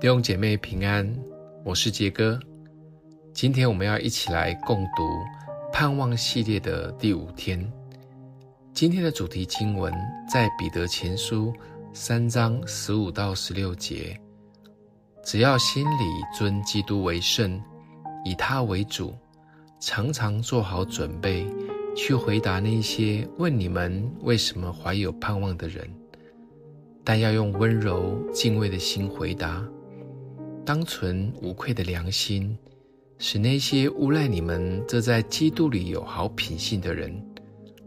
弟兄姐妹平安，我是傑哥。今天我們要一起來共讀盼望系列的第五天。今天的主題經文在彼得前書三章十五到十六節。只要心裡尊基督為聖，以他為主，常常做好準備去回答那些問你們為什麼懷有盼望的人，但要用溫柔敬畏的心回答。當存無愧的良心，使那些誣賴你們這在基督裡有好品行的人，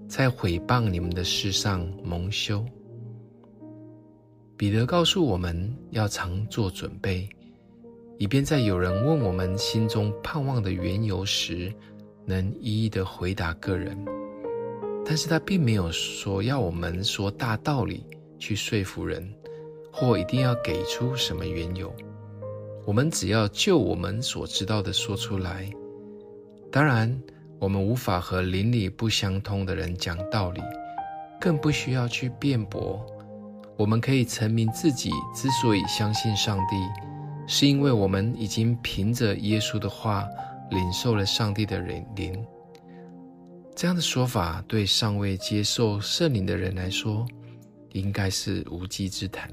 在毀謗你們的事上蒙羞。彼得告訴我們要常做準備，以便在有人問我們心中盼望的緣由時，能一一的回答個人。但是他並沒有說要我們說大道理去說服人，或一定要給出什麼緣由。我們只要就我們所知道的說出來。當然，我們無法和靈裡不相通的人講道理，更不需要去辯駁。我們可以闡明自己之所以相信上帝，是因為我們已經憑着耶穌的話領受了上帝的靈。這樣的說法對尚未接受聖靈的人來說，應該是無稽之談。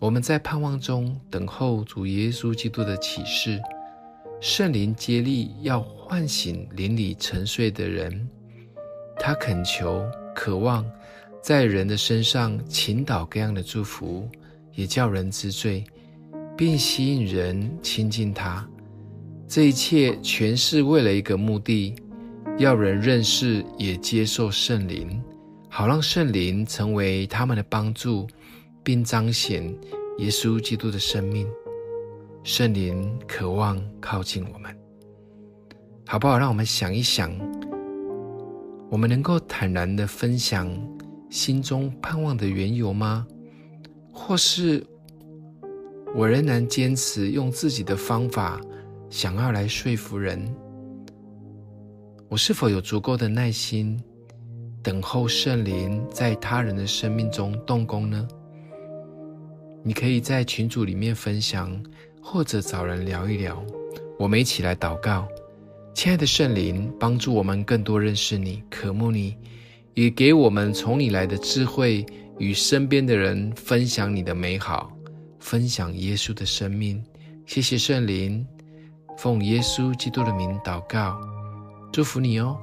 我們在盼望中等候主耶穌基督的啟示，聖靈接力要喚醒鄰里沉睡的人。他懇求、渴望在人的身上傾倒各樣的祝福，也叫人知罪，並吸引人親近他。這一切全是為了一個目的：要人認識，也接受聖靈，好讓聖靈成為他們的幫助。並彰顯耶穌基督的生命，聖靈渴望靠近我們，好不好？讓我們想一想，我們能夠坦然地分享心中盼望的緣由嗎？或是我仍然堅持用自己的方法想要來說服人？我是否有足夠的耐心等候聖靈在他人的生命中動工呢？你可以在群組裡面分享，或者找人聊一聊。我們一起來禱告，親愛的聖靈，幫助我們更多認識你、渴慕你，也給我們從你來的智慧，與身邊的人分享你的美好，分享耶穌的生命。謝謝聖靈，奉耶穌基督的名禱告，祝福你哦。